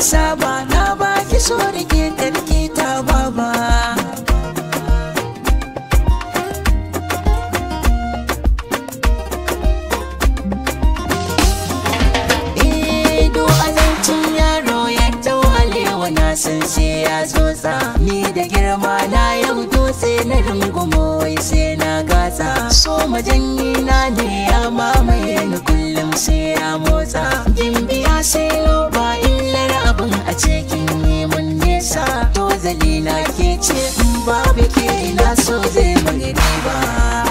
saba na baki so da ke tarki ta baba eh, san yaro ya tsotsa ni da girma na yau dutse na rungumo wai sai na gasa so majanyi na ne ya mamaye ni kullum sai ya tunani na ke ce in babu ke ina so zai yi ba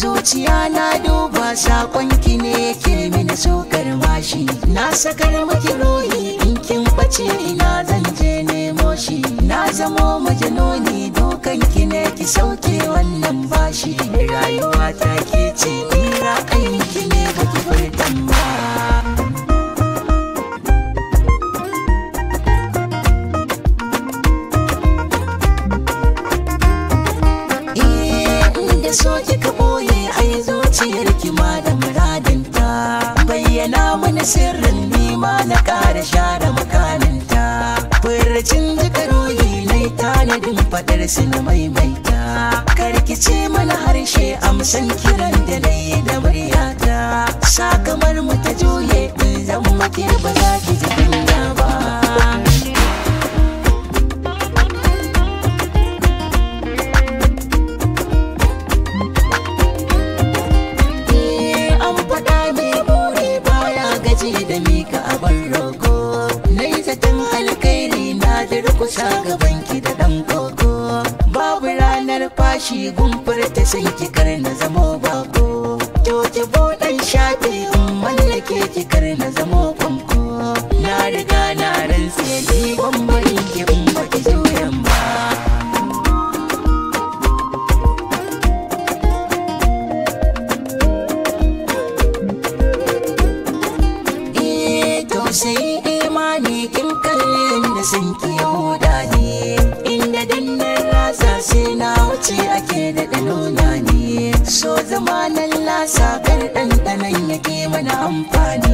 zuciya na duba ki ne yake mini sokar mashi na sakar miki ruhi in kin bace ina zan je nemo shi na zamo majanoni ki sauke wannan bashi rayuwa ta ke ce ni ra'ayinki ne baki furtan ba eh, so kika boye ai zuciyar ki ma da muradinta bayyana mana sirrin nima na ƙara share makaninta furcin daɗin faɗar su na maimaita karkice mana harshe amsan kiran da na yi da muryata sakamar mu ta juye in zan make ba za ki ji kunya ba eh, an faɗa mai buri baya gaji da mika abin rogo na yi zaton alkairi na durkusa gaban shi gumfar ta sai kikar na zamo bako Joji bodan shafe in mallake kikar na zamo kwanko Na riga na sai ni gwambarin ki in baki juyan ba Eh to sai imani kin kalle na sankiya ce ake daɗa nuna ne so zama lallasa kar ɗanɗanan yake mana amfani